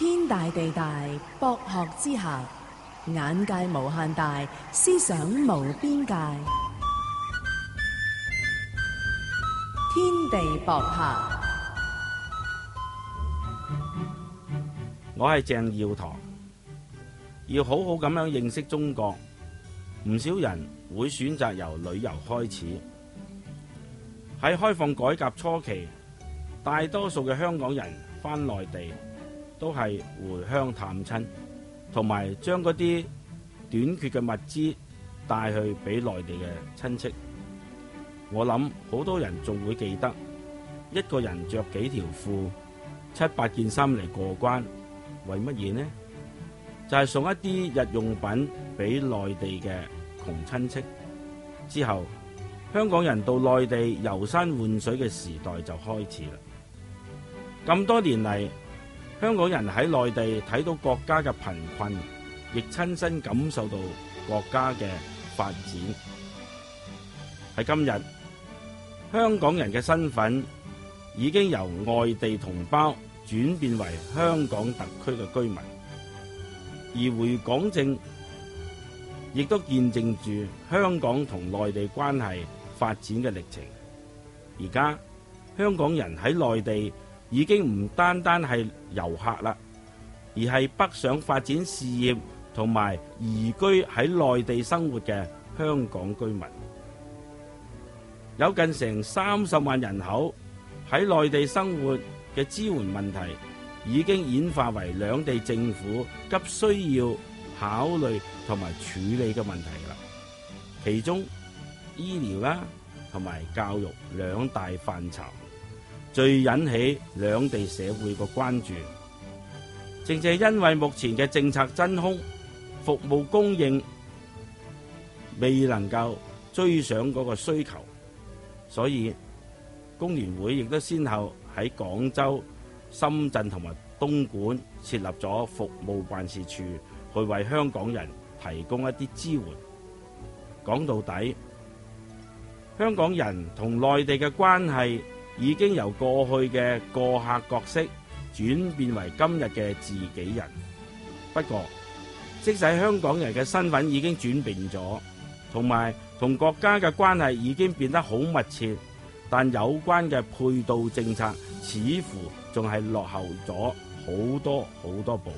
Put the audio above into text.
天大地大，博學之下，眼界無限大，思想無邊界。天地博客，我係鄭耀棠。要好好咁樣認識中國，唔少人會選擇由旅遊開始。喺開放改革初期，大多數嘅香港人返內地。都係回鄉探親，同埋將嗰啲短缺嘅物資帶去俾內地嘅親戚。我諗好多人仲會記得一個人着幾條褲、七八件衫嚟過關，為乜嘢呢？就係送一啲日用品俾內地嘅窮親戚。之後，香港人到內地遊山玩水嘅時代就開始啦。咁多年嚟。香港人喺內地睇到國家嘅貧困，亦親身感受到國家嘅發展。喺今日，香港人嘅身份已經由外地同胞轉變為香港特區嘅居民，而回港證亦都見證住香港同內地關係發展嘅歷程。而家香港人喺內地。已經唔單單係遊客啦，而係北上發展事業同埋移居喺內地生活嘅香港居民。有近成三十萬人口喺內地生活嘅支援問題，已經演化為兩地政府急需要考慮同埋處理嘅問題啦。其中，醫療啦同埋教育兩大範疇。最引起兩地社會嘅關注，正正係因為目前嘅政策真空、服務供應未能夠追上嗰個需求，所以工聯會亦都先後喺廣州、深圳同埋東莞設立咗服務辦事處，去為香港人提供一啲支援。講到底，香港人同內地嘅關係，已經由過去嘅過客角色轉變為今日嘅自己人。不過，即使香港人嘅身份已經轉變咗，同埋同國家嘅關係已經變得好密切，但有關嘅配套政策似乎仲係落後咗好多好多步。